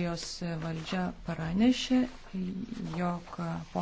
Etiopijos valdžia pranešė, jog po